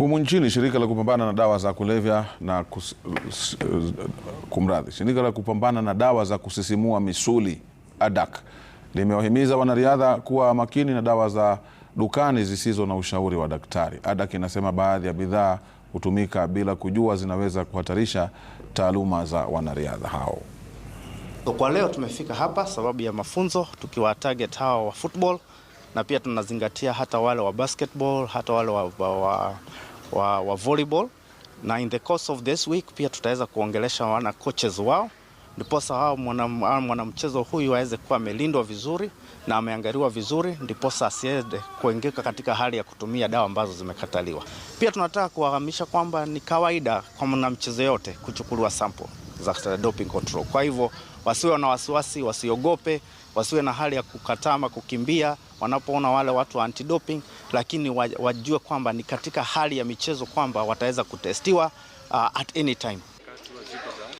Humu nchini shirika la kupambana na dawa za kulevya na kus, kumradhi, shirika la kupambana na dawa za kusisimua misuli ADAK limewahimiza wanariadha kuwa makini na dawa za dukani zisizo na ushauri wa daktari. ADAK inasema baadhi ya bidhaa hutumika bila kujua zinaweza kuhatarisha taaluma za wanariadha hao. Kwa leo tumefika hapa sababu ya mafunzo, tukiwa target hawa wa football na pia tunazingatia hata wale wa basketball hata wale wa, wa, wa wa, wa volleyball na in the course of this week pia tutaweza kuongelesha wana coaches wao ndiposa hao mwanamchezo huyu aweze kuwa amelindwa vizuri na ameangaliwa vizuri, ndiposa asiende kuengeka katika hali ya kutumia dawa ambazo zimekataliwa. Pia tunataka kuwahamisha kwamba ni kawaida kwa mwanamchezo yote kuchukuliwa sample za doping control. Kwa hivyo wasiwe na wasiwasi, wasiogope, wasiwe na hali ya kukatama kukimbia wanapoona wale watu wa anti-doping, lakini wajue kwamba ni katika hali ya michezo kwamba wataweza kutestiwa uh, at any time.